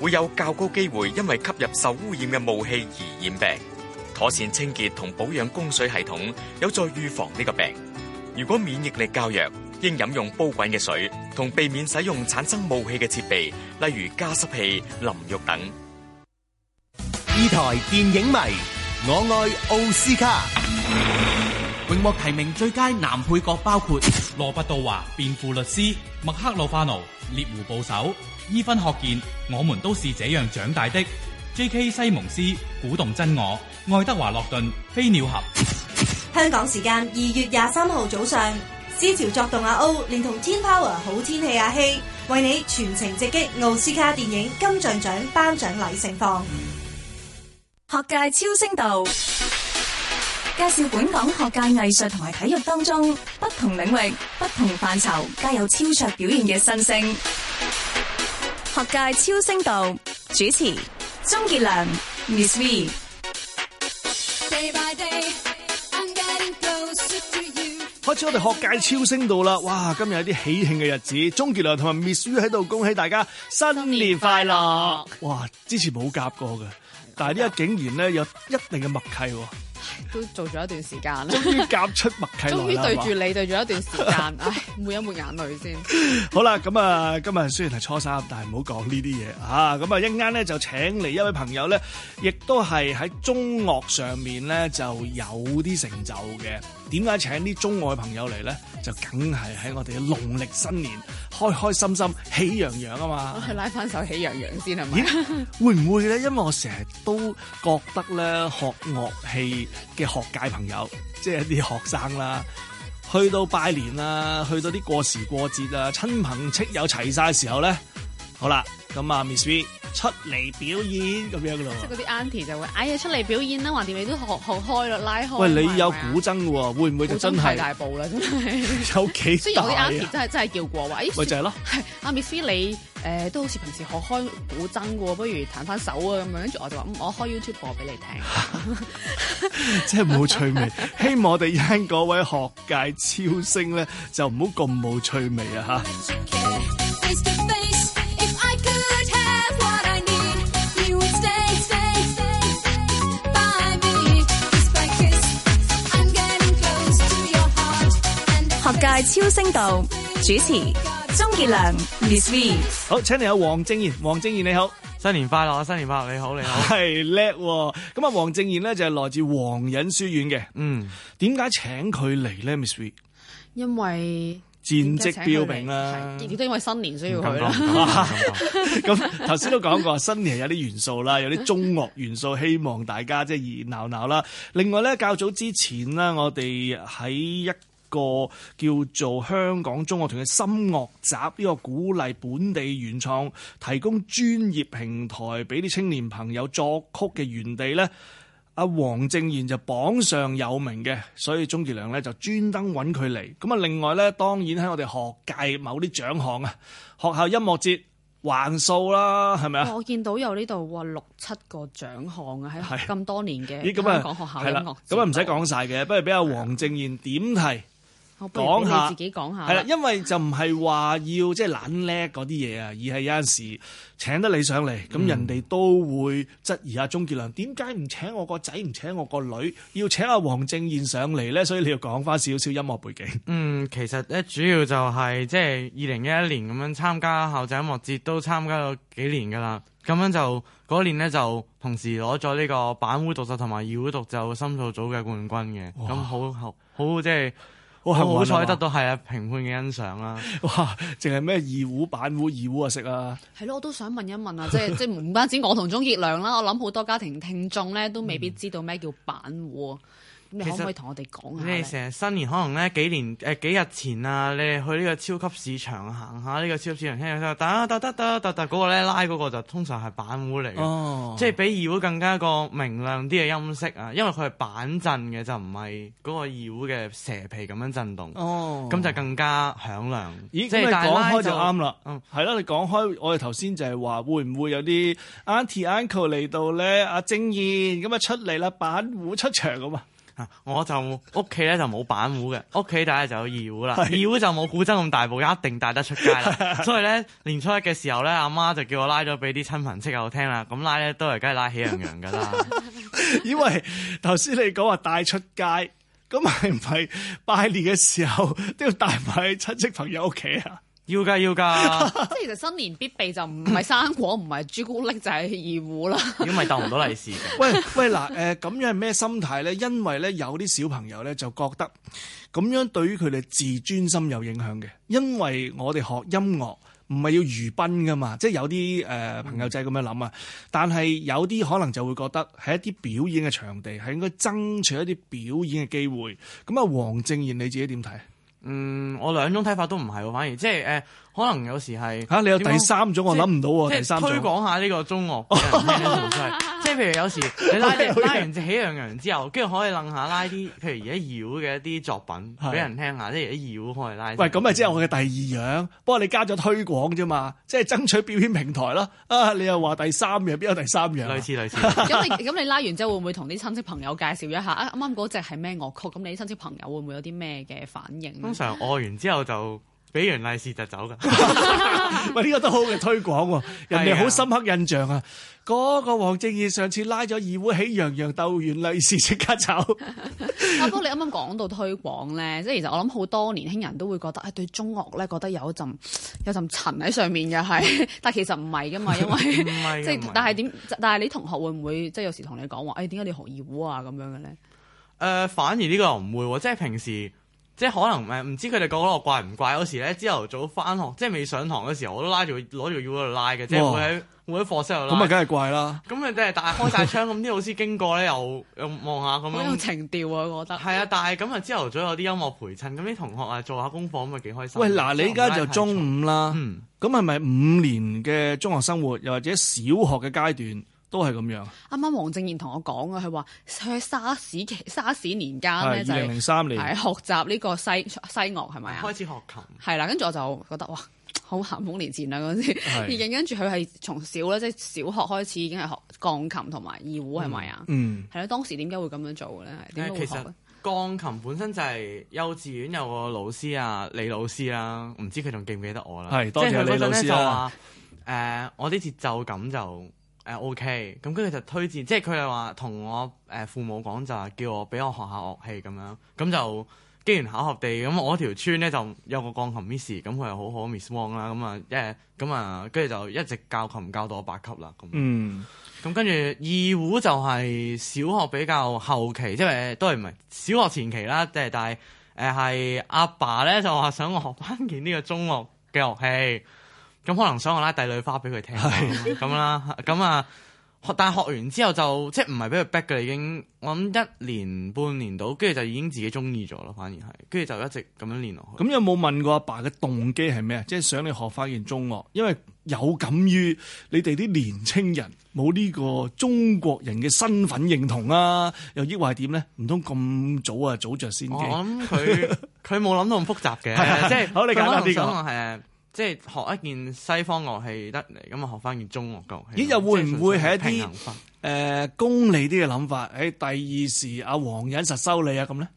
會有較高機會因為吸入受污染嘅霧氣而染病。妥善清潔同保養供水系統有助預防呢個病。如果免疫力較弱，應飲用煲滾嘅水，同避免使用產生霧氣嘅設備，例如加濕器、淋浴等。二台電影迷，我愛奧斯卡。熒幕提名最佳男配角，包括羅拔杜華、辯護律師、麥克魯化奴、獵狐捕手、伊芬學健，我們都是這樣長大的。J.K. 西蒙斯、鼓動真我、愛德華諾頓、飛鳥俠。香港時間二月廿三號早上，思潮作動阿歐，連同天 power 好天氣阿希，為你全程直擊奧斯卡電影金像獎頒獎禮盛況。學界超聲道。介紹本港學界藝術同埋體育當中不同領域、不同範疇皆有超卓表現嘅新星。學界超聲道，主持鍾傑良、Miss V。開始我哋學界超聲道啦！哇，今日有啲喜慶嘅日子，鍾傑良同埋 Miss V 喺度恭喜大家新年快樂！哇，之前冇夾過㗎，但係呢個竟然咧有一定嘅默契。都做咗一段時間，終於夾出默契來啦！ 終於對住你 對住一段時間，唉、 哎，抹一抹眼淚先。 好啦，咁啊，今日雖然係初三，但係唔好講呢啲嘢啊！咁啊，一陣間咧就請嚟一位朋友咧，亦都係喺中樂上面咧就有啲成就嘅。點解請啲中外朋友嚟咧？就梗係喺我哋嘅農曆新年，開開心心、喜洋洋啊嘛！去拉翻首喜洋洋先係嘛？咦 會唔會咧？因為我成日都覺得咧，學樂器嘅學界朋友，即係啲學生啦，去到拜年啊，去到啲過時過節啊，親朋戚友齊曬時候咧。好啦，咁啊，Ms V 出嚟表演咁樣噶咯，即係嗰啲阿姨就會哎呀出嚟表演啦，橫掂你都學學開咯，拉開。喂，你有古箏喎，會唔會就真係太大步啦，真係 有幾大、啊。雖然我啲阿姨真係真係叫過位。咦、哎、咪就係、是、咯，阿、哎、Ms V 你誒、呃、都好似平時學，學開古箏噶喎，不如彈翻手啊咁樣，跟住我就話我開 YouTube 播俾你聽， 即係冇趣味。希望我哋聽嗰位學界超星咧就唔好咁冇趣味啊吓。 界超聲道主持鍾傑良 Ms V 好，請嚟有黃正彥，黃正彥你好新，新年快樂啊！新年快樂，你好，你好，係叻咁啊！哦、黃正彥咧就係、是、來自皇仁書院嘅，嗯，點解請佢嚟咧？Ms V 因為戰績彪炳啦，亦都因,因為新年需要佢啦。咁頭先都講過新年有啲元素啦，有啲中樂元素，希望大家即係熱鬧鬧啦。 另外咧，較早之前啦，我哋喺一個叫做香港中樂團嘅心樂集，呢個鼓勵本地原創、提供專業平台俾啲青年朋友作曲嘅園地咧，阿黃正彥就榜上有名嘅，所以鍾傑良咧就專登揾佢嚟。咁啊，另外咧當然喺我哋學界某啲獎項啊，學校音樂節橫掃啦，係咪啊？我見到有呢度哇六七個獎項啊，喺咁是多年嘅咦，咁香港學校音樂。咁啊唔使講晒嘅，不，嗯、不如俾阿黃正彥點題。嗯講下係啦，因為就唔係話要即係懶叻嗰啲嘢啊，而係有陣時請得你上嚟，咁、嗯、人哋都會質疑阿鍾傑良點解唔請我個仔，唔請我個女，要請阿黃正彥上嚟咧？所以你要講翻少少音樂背景。嗯，其實咧主要就係即係二零一一年咁樣參加校際音樂節，都參加咗幾年噶啦。咁樣就嗰、那個、年呢，就同時攞咗呢個板胡獨奏同埋二胡獨奏深造組嘅冠軍嘅，咁哇好好好即係。就是我哇哇好彩得到係啊，評判嘅欣賞啦。哇，淨係咩二胡、板胡、二胡啊識啊！係咯，我都想問一問啊， 即係即係唔單止我同鍾傑良啦，我諗好多家庭聽眾咧都未必知道咩叫板胡。其實你成日新年可能咧幾年誒、呃、幾日前啊，你哋去呢個超級市場行下呢、啊這個超級市場，聽下聽得得得得得得嗰個咧拉嗰個就通常係板胡嚟嘅，哦、即係比二胡更加一個明亮啲嘅音色啊，因為佢係板震嘅，就唔係嗰個二胡嘅蛇皮咁樣震動，咁、哦、就更加響亮。咦，即係講開就啱啦，係啦、嗯，你講開，我哋頭先就係話會唔會有啲 auntie uncle 嚟到咧？阿、啊、正燕咁啊，出嚟啦，板胡出場啊嘛～我就屋企咧就冇板胡嘅，屋企大咧就有二胡啦，是二胡就冇古箏咁大部，一定帶得出街啦。 所以咧年初一嘅時候咧，阿媽就叫我拉咗俾啲親朋戚友聽啦。咁拉咧都係梗係拉喜洋洋噶啦，因為頭先你講話帶出街，咁係唔係拜年嘅時候都要帶埋親戚朋友屋企啊？要噶，要噶，即係 其實新年必備就唔唔係生果，唔係朱古力，就係、是、二胡啦。如果唔係，得唔到利是。喂喂嗱，誒咁樣係咩心態咧？因為咧有啲小朋友咧就覺得咁樣對於佢哋自尊心有影響嘅。因為我哋學音樂唔係要娛賓噶嘛，即係有啲誒、呃、朋友仔咁樣諗啊。但係有啲可能就會覺得係一啲表演嘅場地係應該爭取一啲表演嘅機會。咁啊，黃正彥你自己點睇？嗯，我兩種睇法都唔係，反而即係誒、呃可能有時係嚇，你有第三種我諗唔到喎。第三種推廣下呢個中樂，即係譬如有時你拉拉完《喜洋洋》之後，跟住可以楞下拉啲譬如而家搖嘅一啲作品俾人聽下，即係而家搖可以拉。喂，咁咪即係我嘅第二樣，不過你加咗推廣啫嘛，即係爭取表演平台咯。啊，你又話第三樣，邊有第三樣？類似類似。咁你咁你拉完之後會唔會同啲親戚朋友介紹一下？啊，啱啱嗰隻係咩樂曲？咁你啲親戚朋友會唔會有啲咩嘅反應？通常愛完之後就，俾人利是就走噶，咪呢個都好嘅推廣喎、喔，人哋好深刻印象啊！嗰是、啊、個黃正彥上次拉咗二胡喜洋洋，斗完利是即刻走。阿波，你啱啱講到推廣咧，即係其實我諗好多年輕人都會覺得，誒對中樂咧覺得有一陣有陣塵喺上面嘅係，但係其實唔係噶嘛，因為即係 是 但係點？但係你同學會唔會即係有時同你講話，誒點解你學二胡啊咁樣嘅咧？誒、呃，反而呢個唔會，即係平時。即係可能誒，唔知佢哋講我怪唔怪？有時咧，朝頭早翻學，即係未上堂嘅時候，我都拉住攞住腰度拉嘅，即係會喺會喺課室度拉。咁咪梗係怪啦！咁誒，但係大開晒窗，咁啲 老師經過咧，又又望下咁樣。好有情調啊！我覺得係啊，嗯、但係咁啊，朝頭早有啲音樂陪襯，咁啲同學啊做下功課，咁咪幾開心。喂，嗱，你而家就中五啦，咁係咪五年嘅中學生活，又或者小學嘅階段？都係咁樣。啱啱黃正彥同我講啊，佢話喺沙士期、沙士年間咧、就是，就係零三年，係學習呢個西西樂係咪啊？是是開始學琴。係啦，跟住我就覺得哇，好幸福年紀啊嗰陣時。已經跟住佢係從小咧，即、就、係、是、小學開始已經係學鋼琴同埋二胡係咪啊？嗯，係啦。當時點解會咁樣做咧？點解會學？其實鋼琴本身就係幼稚園有個老師啊，李老師啦、啊，唔知佢仲記唔記得我啦？係，多謝李老師啊。誒、 呃，我啲節奏感就～誒 OK，咁跟住就推薦，即係佢又話同我誒父母講就係叫我俾我學下樂器咁樣，咁就機緣巧合地咁我條村咧就有個鋼琴 Miss，咁佢係好好 Miss Wong 啦，咁啊一咁啊跟住就一直教琴教到我八級啦，咁。嗯，咁跟住二胡就係小學比較後期，即係都係唔係小學前期啦，即係但係誒係阿爸咧就話想我學翻件呢個中樂嘅樂器。咁可能想我拉帝女花俾佢聽，係咁啦是的，咁啊學，但係學完之後就即係唔係俾佢逼嘅啦，已經我諗一年半年到，跟住就已經自己中意咗咯，反而係，跟住就一直咁樣練落去。咁、嗯、有冇問過阿爸嘅動機係咩啊？即、就、係、是、想你學翻件中樂，因為有感於你哋啲年青人冇呢個中國人嘅身份認同啊，又抑或係點咧？唔通咁早啊，早着先嘅？我諗佢佢冇諗到咁複雜嘅，即係的好你講下呢即係學一件西方樂器得嚟，咁啊學翻件中樂夠。咦？又會唔會係一啲誒功利啲嘅諗法？喺、哎、第二時阿黃引實收你啊咁咧？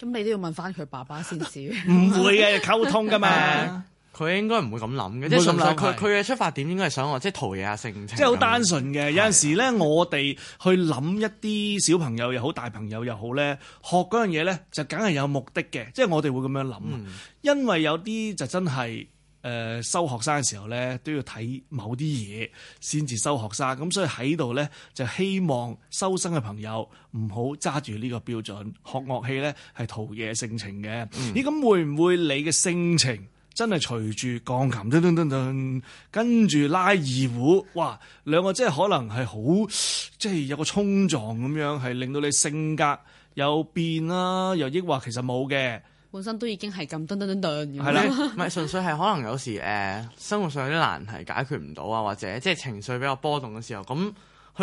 咁你都要問翻佢爸爸先至。唔 會嘅、啊，溝通噶嘛？佢 應該唔會咁諗嘅。唔佢佢嘅出發點應該係想學，即係陶冶性情。即係好單純嘅。的有陣時咧，我哋去諗一啲小朋友又好，大朋友又好咧，學嗰樣嘢咧，就梗係有目的嘅。即係我哋會咁樣諗，嗯、因為有啲就真係。誒、呃、收學生嘅時候咧，都要睇某啲嘢先至收學生，咁所以喺度咧就希望收生嘅朋友唔好揸住呢個標準，學樂器咧係陶冶性情嘅。咦咁，嗯欸，會唔會你嘅性情真係隨住鋼琴噔噔噔噔，跟住拉二胡哇，兩個真係可能係好，即係有個衝撞，咁樣係令到你性格有變啦，啊，又抑或其實冇嘅？本身都已經係咁噔噔噔噔咁樣，係啦，唔係純粹係可能有時誒、呃、生活上有啲難題解決唔到啊，或者即係情緒比較波動嘅時候，咁去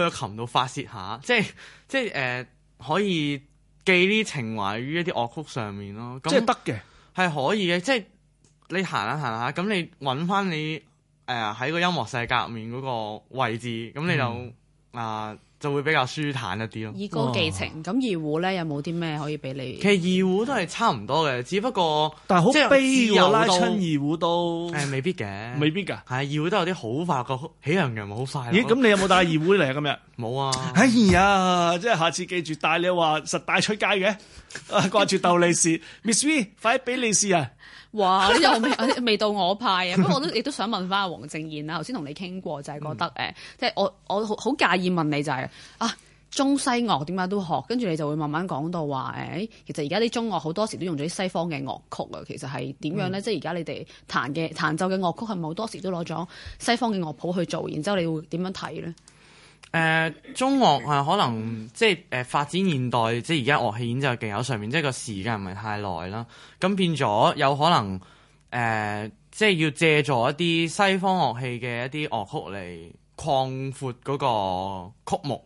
個琴度發泄下，即係即係誒可以寄啲情懷於一啲樂曲上面咯。即係得嘅，係可以嘅，即係你行下行下，咁你揾翻你誒喺個音樂世界入面嗰個位置，咁你就啊～、嗯呃就會比較舒坦一啲咯。以高技情，咁二胡咧有冇啲咩可以俾你？其實二胡都係差唔多嘅，只不過但係好悲喎。拉親二胡都誒、欸，未必嘅，未必㗎。係二胡都有啲好快嘅，喜洋洋，好快。咦？咁你有冇帶二胡嚟啊？ 今日天冇啊。哎呀，即係下次記住帶你話實帶出街嘅，掛、啊、住鬥利是 ，Miss V，快俾利是啊。哇！呢個未到我派啊，不過我都亦都想問翻阿黃正彥啊。頭先同你傾過就係、是、覺得誒，嗯、即係我我好好介意問你就係、是、啊，中西樂點解都學？跟住你就會慢慢講到話誒，其實而家啲中樂好多時都用咗啲西方嘅樂曲啊。其實係點樣咧？嗯、即係而家你哋彈嘅彈奏嘅樂曲係咪好多時都攞咗西方嘅樂譜去做？然之後你會點樣睇咧？誒、呃、中樂係可能即係誒、呃、發展現代即係而家樂器演奏技巧上面，即係個時間唔係太耐啦。咁變咗有可能誒、呃、即係要借助一啲西方樂器嘅一啲樂曲嚟擴闊個曲目。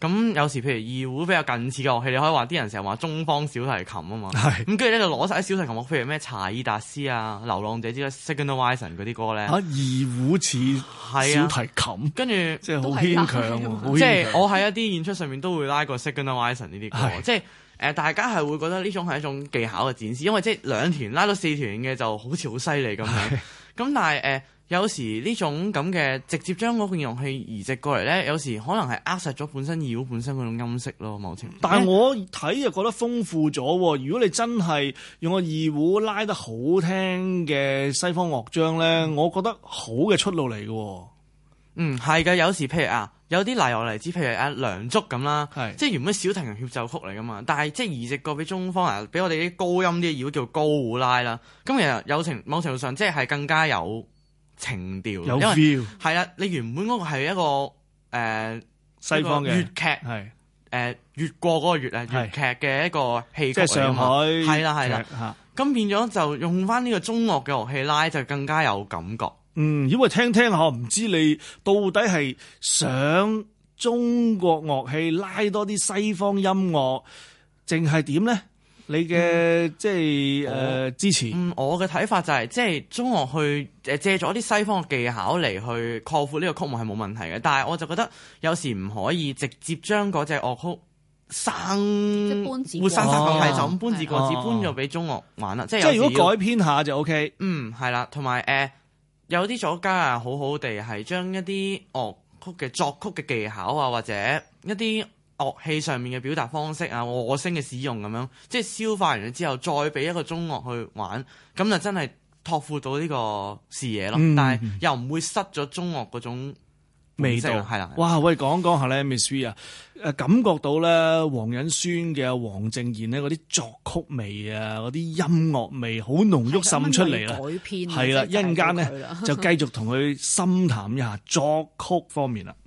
咁、嗯、有時譬如二胡比較近似嘅樂器，你可以話啲人成日話中方小提琴啊嘛。咁跟住咧就攞晒啲小提琴，譬如咩查爾達斯啊、流浪者之歌、Zigeunerweisen 嗰啲歌咧。嚇，二胡似小提琴？跟住、啊、即係好牽強喎、啊。啊、強即係我喺一啲演出上面都會拉過 Zigeunerweisen 呢啲歌，是即係誒、呃、大家係會覺得呢種係一種技巧嘅展示，因為即係兩團拉到四團嘅就好似好犀利咁樣。咁是但係誒。呃有時呢種咁嘅直接將嗰件樂器移植過嚟咧，有時可能係扼殺咗本身二胡本身嗰種音色咯。某程度，但係我睇就覺得豐富咗。如果你真係用個二胡拉得好聽嘅西方樂章咧，我覺得好嘅出路嚟嘅。嗯，係嘅。有時譬如啊，有啲例子嚟之譬如阿梁祝咁啦，係是即係原本小提琴協奏曲嚟噶嘛，但係即係移植過俾中方啊，俾我哋啲高音啲嘅二胡叫高胡拉啦。咁其實有情某程度上即係更加有。情調，係啦，你原本嗰個係一個誒，呃、西方嘅粵劇，係誒，越過嗰個越啊，粵劇嘅一個器具即上海，係啦，係啦，咁變咗就用翻呢個中樂嘅樂器拉，就更加有感覺。嗯，因為聽聽下，唔知你到底係想中國樂器拉多啲西方音樂，淨係點咧？你嘅即係誒支持？嗯，我嘅睇法就係、是、即係中樂去誒、呃、借咗啲西方嘅技巧嚟去擴闊呢個曲目係冇問題嘅。但係我就覺得有時唔可以直接將嗰隻樂曲生，即係搬字過紙，哦、就搬就咁搬字過紙搬咗俾中樂玩啦。即係即係如果改編下就 OK。嗯，係啦，同埋誒有啲、呃、作家啊，好好地係將一啲樂曲嘅作曲嘅技巧啊，或者一啲。樂器上面嘅表達方式啊，和聲嘅使用咁樣，即係消化完之後，再俾一個中樂去玩，咁就真係拓闊到呢個視野咯。嗯嗯、但係又唔會失咗中樂嗰種味道，係啦到。的哇，我哋講講下咧，Ms V 啊，誒，感覺到咧皇仁書院嘅黃正彥呢嗰啲作曲味啊，嗰啲音樂味好濃郁滲出嚟啦，改編係啦，一陣間咧就繼續同佢深談一下作曲方面啦。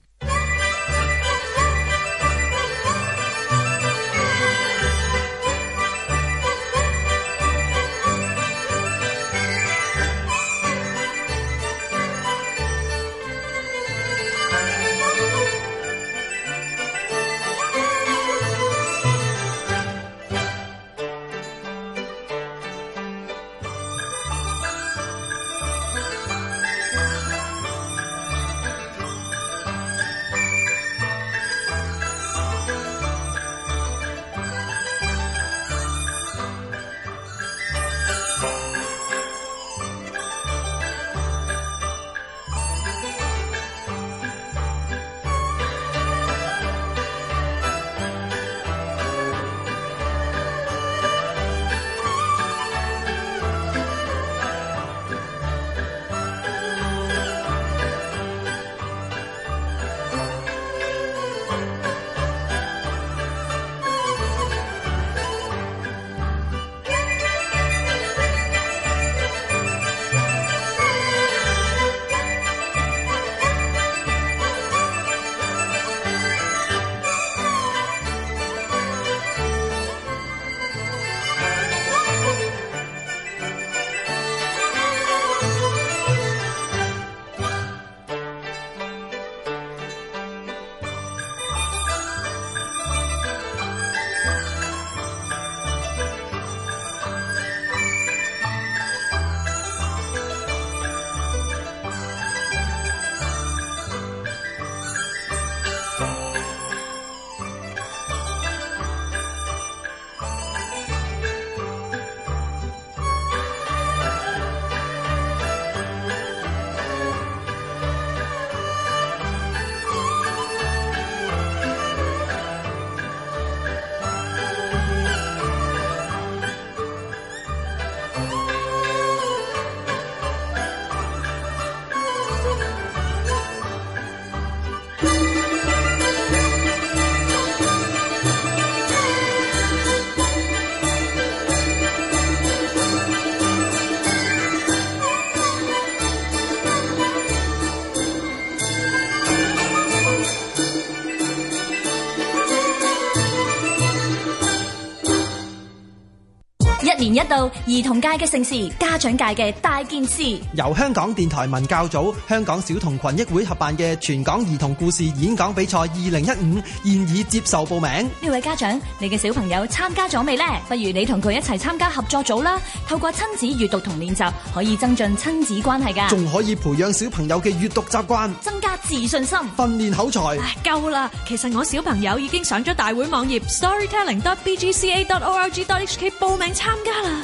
兒童界嘅盛事，家長界嘅大件事，由香港電台文教組、香港小童群益會合辦嘅全港兒童故事演講比賽二零一五，現已接受報名。呢位家長，你嘅小朋友參加咗未呢？不如你同佢一齊參加合作組啦。透過親子閱讀同練習，可以增進親子關係噶，仲可以培養小朋友嘅閱讀習慣，增加自信心，訓練口才。夠啦！其實我小朋友已經上咗大會網頁，啊，storytelling.bgca.org.hk 報名參加啦。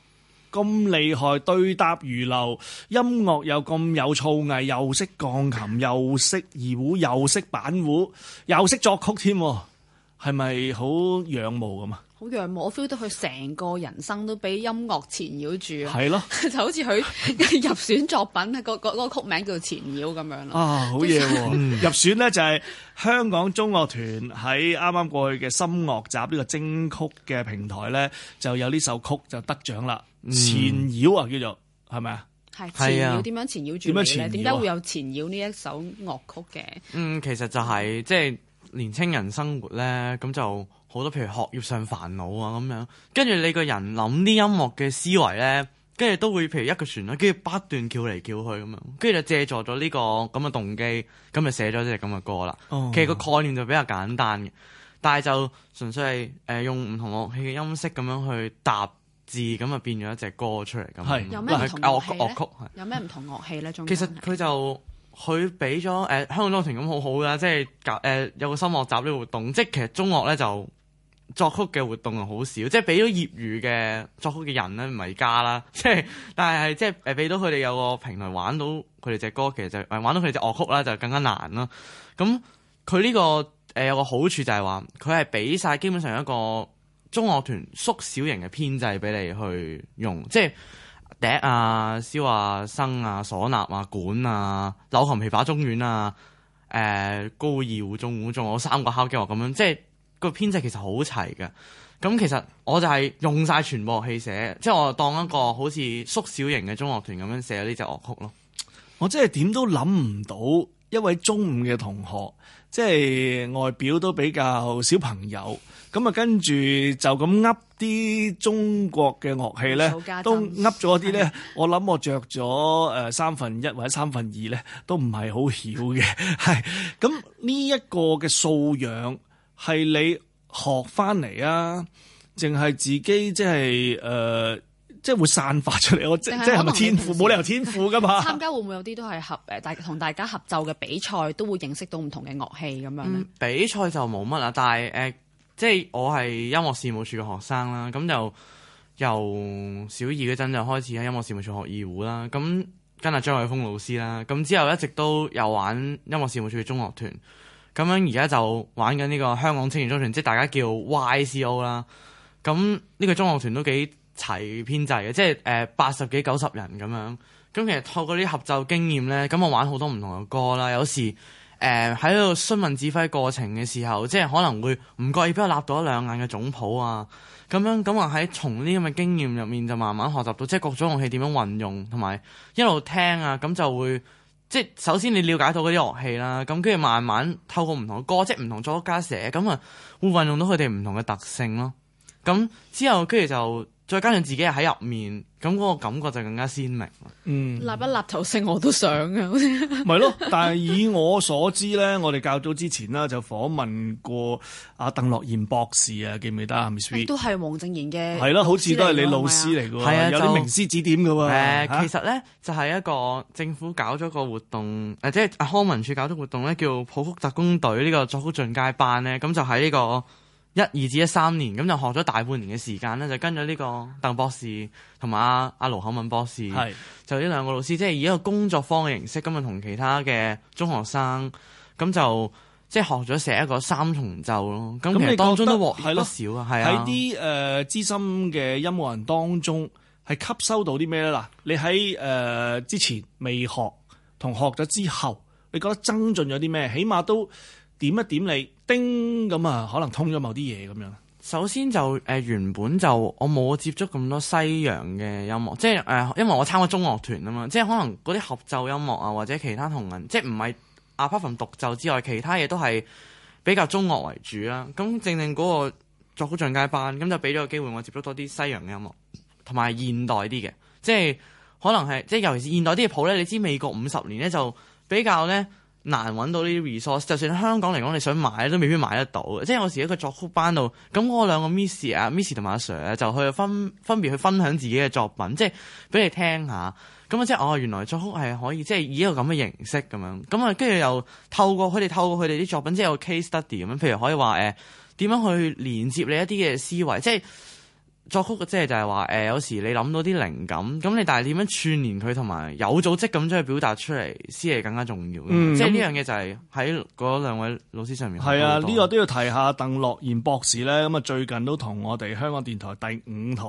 咁厲害，對答如流，音樂又咁有造詣，又識鋼琴，又識二胡，又識板胡，又識作曲添，係咪好仰慕咁啊？好仰我 feel 到佢成個人生都俾音樂纏繞住啊！係咯的， 就好似佢入選作品個、嗰個曲名叫做《纏繞》咁樣咯。啊，好嘢喎！ 入選咧就係香港中樂團喺啱啱過去嘅心樂集呢個徵曲嘅平台咧，就有呢首曲就得獎啦，嗯《纏繞》啊，叫做係咪的啊？係纏繞點樣纏繞住你咧？點解會有《纏繞》呢一首樂曲嘅？嗯，其實就係、是、即係年青人生活咧，咁就。好多譬如學業上煩惱啊咁樣，跟住你個人諗啲音樂嘅思維咧，跟住都會譬如一個旋律，跟住不斷叫嚟叫去咁樣，跟住就借助咗呢個咁嘅動機，咁就寫咗隻咁嘅歌啦。哦、其實個概念就比較簡單嘅，但係就純粹係誒、呃、用唔同樂器嘅音色咁樣去搭字，咁啊變咗一隻歌出嚟咁。樂曲有咩唔同樂器咧？有咩唔同樂器咧？其實佢就佢俾咗誒香港樂團咁好好啦，即係誒、呃呃、有個心樂集呢個活動，即係其實中樂咧就。作曲嘅活動係好少，即係俾咗業餘嘅作曲嘅人咧，唔係家啦，即係但係即係誒俾到佢哋有個平台玩到佢哋隻歌，其實誒、就係、玩到佢哋隻樂曲啦，就更加難啦。咁佢呢個誒、呃、有個好處就係話，佢係俾晒基本上一個中樂團縮小型嘅編制俾你去用，即係笛、嗯、啊、簫啊、笙啊、嗩吶啊、管啊、柳琴、琵琶、中阮啊、誒、呃、高二胡、中胡、中我三個敲擊樂咁樣，即係。即個編制其實好齊嘅，咁其實我就係用晒全部樂器寫，即係我當一個好似縮小型嘅中樂團咁樣寫呢隻樂曲咯。我真係點都諗唔到一位中五嘅同學，即係外表都比較小朋友，咁啊跟住就咁噏啲中國嘅樂器咧， 都噏咗啲咧。我諗我着咗誒三分一或者三分二咧，都唔係好曉嘅，係咁呢一個嘅素養。係你學翻嚟啊？淨係自己即係誒，即係會散發出嚟。我係即即係咪天賦？冇理由天賦噶嘛？參加會唔會有啲都係合誒，大同大家合奏嘅比賽，都會認識到唔同嘅樂器咁樣咧。嗯？比賽就冇乜啦，但係誒、呃，即係我係音樂事務處嘅學生啦。咁就由小二嗰陣就開始喺音樂事務處學二胡啦。咁跟阿張偉峰老師啦。咁之後一直都有玩音樂事務處嘅中樂團。咁樣而家就在玩緊呢個香港青年中樂團，即係大家叫 YCO 啦。咁呢個中樂團都幾齊編制嘅，即係誒八十幾九十人咁樣。咁其實透過啲合奏經驗呢，咁我玩好多唔同嘅歌啦。有時誒喺度詢問指揮過程嘅時候，即係可能會唔覺意俾我立到一兩眼嘅總譜啊。咁樣咁話喺從呢咁嘅經驗入面就慢慢學習到，即係各種樂器點樣運用，同埋一路聽啊，咁就會。即首先你了解到嗰啲樂器啦，咁跟住慢慢透過唔同嘅歌，即係唔同作曲家寫，咁啊會運用到佢哋唔同嘅特性咯。咁之後，跟住就再加上自己喺入面，咁、那、嗰個感覺就更加鮮明。嗯，立不立頭飾我都想啊。咪咯， 但係以我所知咧，我哋較早之前啦就訪問過阿鄧樂妍博士啊，記唔記得啊 Ms V 都係黃正彥嘅。係咯，好似都係你老師嚟喎，是是啊、有啲名師指點嘅喎。其實咧就係、是、一個政府搞咗個活動，誒，即係康文署搞咗活動咧，叫《普福特工隊》呢個作曲進階班咧，咁就喺呢個。一二至一三年咁就學咗大半年嘅時間咧，就跟咗呢個鄧博士同埋阿阿盧巧敏博士，係就呢兩個老師，即係以一個工作坊嘅形式咁啊，同其他嘅中學生咁就即係學咗寫一個三重奏咯。咁那你 其實當中都獲益不少啊！喺啲誒資深嘅音樂人當中係吸收到啲咩咧？嗱，你喺誒、uh, 之前未學同學咗之後，你覺得增進咗啲咩？起碼都點一點你。咁啊，可能通咗某啲嘢咁樣。首先就誒、呃、原本就我冇接觸咁多西洋嘅音樂，即係誒、呃，因為我參加中樂團啊嘛，即係可能嗰啲合奏音樂啊或者其他同人，即係唔係 apart from 獨奏之外，其他嘢都係比較中樂為主啦。咁正正嗰個作曲進階班咁就俾咗個機會我接觸多啲西洋嘅音樂，同埋現代啲嘅，即係可能係即係尤其是現代啲嘅譜咧。你知美國五十年咧就比較咧。難揾到呢啲 resource，就算香港嚟講，你想買都未必買得到嘅。即係有時一個作曲班度，咁我兩個 miss 啊，miss 同阿 sir 咧就去分分別去分享自己嘅作品，即係俾你聽下。咁啊，即係哦，原來作曲係可以即係以一個咁嘅形式咁樣。咁啊，跟住又透過佢哋透過佢哋啲作品，即係有 case study 咁樣。譬如可以話誒，點樣去連接你一啲嘅思維，即係。作曲嘅即係就係話誒，有時你諗到啲靈感咁你，但係點樣串連佢同埋有組織咁將佢表達出嚟，先係更加重要嘅。即係呢樣嘢就係喺嗰兩位老師上面係啊，呢、這個都要提下鄧樂賢博士咧。咁啊，最近都同我哋香港電台第五台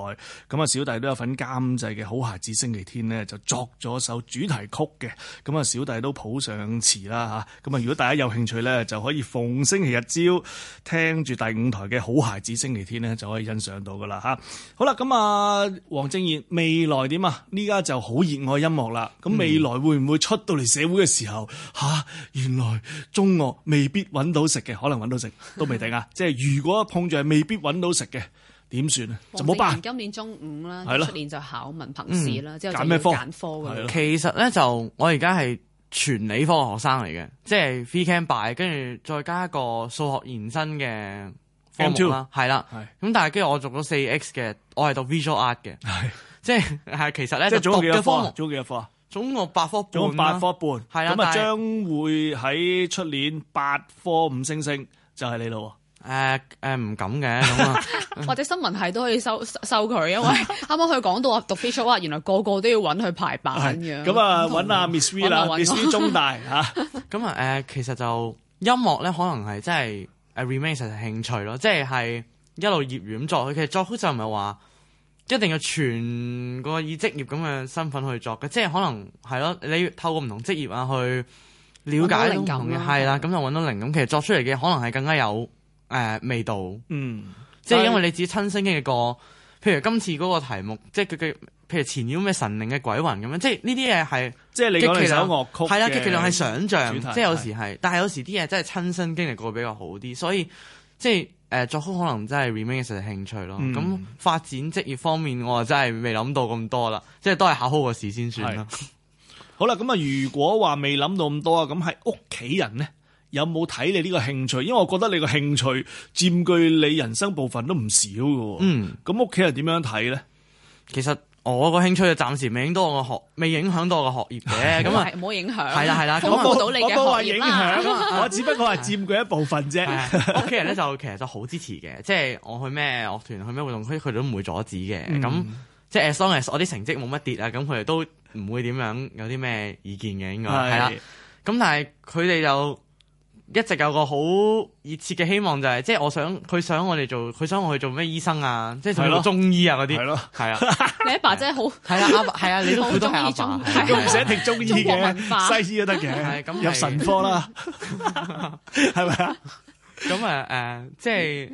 咁啊，小弟都有份監製嘅《好孩子星期天》呢，就作咗首主題曲嘅。咁啊，小弟都譜上詞啦吓。咁啊，如果大家有興趣咧，就可以逢星期日朝聽住第五台嘅《好孩子星期，星期天》呢，就可以欣賞到噶啦吓。啊好啦，咁啊，黃正彥未來點啊？呢家就好熱愛音樂啦。咁未來會唔會出到嚟社會嘅時候，吓、嗯啊、原來中樂未必揾到食嘅，可能揾到食都未定啊。 即係如果碰住係未必揾到食嘅，點算啊？就冇辦法。今年中五啦，出年就考文憑試啦，即、嗯、之後就揀科。揀咩科？其實咧就我而家係全理科學生嚟嘅，即係 free can by，跟住再加一個數學延伸嘅。Form two 啦，係啦，咁但係跟住我做咗四 X 嘅，我係讀 visual art 嘅，即係係其實咧即係總共幾多科啊？總共幾多科啊？總共八科半啦。總共八科半，咁啊將會喺出年八科五星星就係你咯。誒誒唔敢嘅，咁或者新聞系都可以收收佢，因為啱啱佢講到我讀 visual art，原來個個都要揾佢排版嘅。咁啊揾阿 Ms V 啦，Ms V 中大吓。咁啊誒，其實就音樂咧，可能係真係。誒 remains 成興趣咯，即係係一路業餘咁作佢。其實作曲就唔係話一定要全個以職業咁嘅身份去作嘅，即係可能係咯，你透過唔同職業啊去了解唔同嘅，係啦、嗯，咁就揾到靈感。其實作出嚟嘅可能係更加有誒、呃、味道。嗯，即係是 以因為你自己親身經歷過，譬如今次嗰個題目，即係佢嘅。譬如前咗咩神靈嘅鬼魂咁樣，即係呢啲嘢係即係其實樂曲係啦，其實係想像，題即係有時係，但係有時啲嘢真係親身經歷過比較好啲，所以即係誒、呃、作曲可能真係 remain 成興趣咯。咁、嗯、發展職業方面，我真係未諗到咁多啦，即係都係考好個試先算啦。好啦，咁啊，如果話未諗到咁多啊，咁係屋企人咧，有冇睇你呢個興趣？因為我覺得你個興趣佔據你人生部分都唔少嘅。嗯，咁屋企人點樣睇咧？其實。我個興趣就暫時未影響到我學，未影響到我個學業嘅咁啊，冇影響係啦係啦。咁我冇話影響，我只不過係佔據一部分啫。屋企人咧就其實就好支持嘅，即係我去咩樂團，去咩活動區，佢都唔會阻止嘅。咁即係 as long as 我啲成績冇乜跌啊，咁佢哋都唔會點樣有啲咩意見嘅，應該係啦。咁但係佢哋就一直有個好熱切嘅希望，就係即係我想佢想我哋做，佢想我去做咩醫生啊，即係做中醫啊嗰啲係咯，係啊。你阿爸真係好係啊，阿係啊，你都好中意中，唔捨得聽中醫嘅西醫都得嘅，有神科啦，係咪啊？咁啊，誒，即係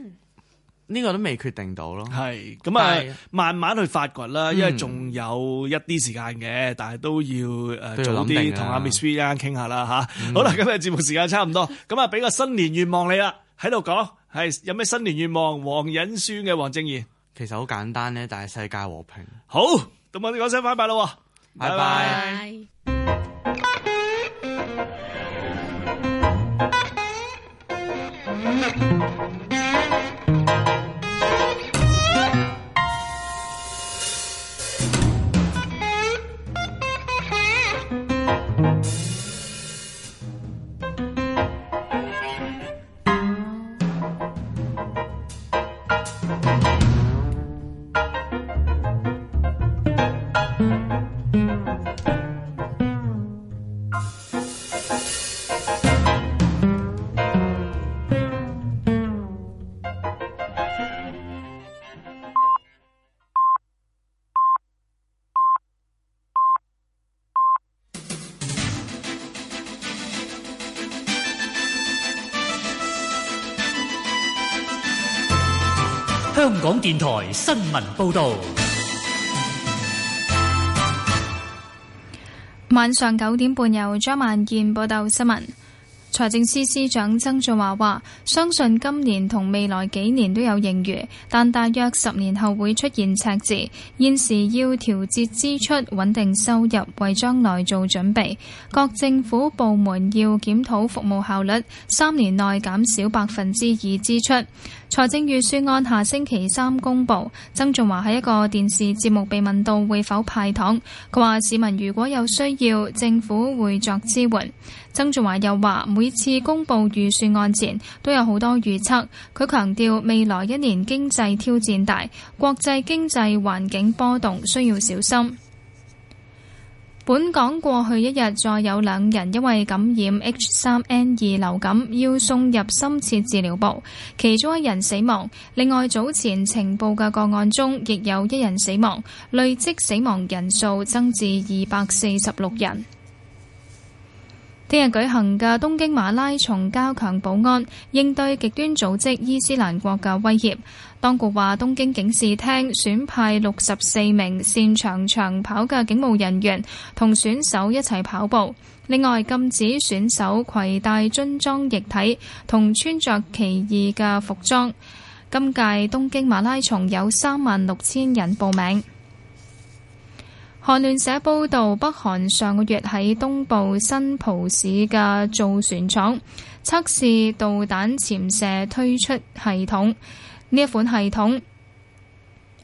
呢個都未決定到咯。係咁啊，慢慢去發掘啦，因為仲有一啲時間嘅，但係都要誒早啲同阿 Miss PMiss V 一啱傾下啦吓。好啦，今日節目時間差唔多，咁啊，俾個新年願望你啦，喺度講係有咩新年願望？皇仁書院嘅黃正彥。其實好簡單咧，就係世界和平。好，咁我哋講聲拜拜咯！拜拜 bye。Bye bye 電台新聞報道：晚上九點半由張萬健報道新聞。財政司司長曾俊華話：相信今年同未來幾年都有盈餘，但大約十年後會出現赤字。現時要調節支出，穩定收入，為將來做準備。各政府部門要檢討服務效率，三年內減少百分之二支出。財政預算案下星期三公佈。曾俊華喺一個電視節目被問到會否派糖，佢話市民如果有需要，政府會作支援。曾俊華又話，每次公佈預算案前都有好多預測。佢強調未來一年經濟挑戰大，國際經濟環境波動需要小心。本港過去一日再有兩人因為感染 H 三 N 二流感要送入深切治療部，其中一人死亡。另外早前呈報嘅個案中，亦有一人死亡，累積死亡人數增至二百四十六人。聽日舉行嘅東京馬拉松加強保安，應對極端組織伊斯蘭國嘅威脅。當局話，東京警視廳選派六十四名擅長長跑嘅警務人員同選手一齊跑步。另外禁止選手攜帶樽裝液體同穿着奇異嘅服裝。今屆東京馬拉松有三萬六千人報名。韓聯社報道，北韓上個月喺東部新浦市嘅造船廠測試導彈潛射推出系統，呢一款系統。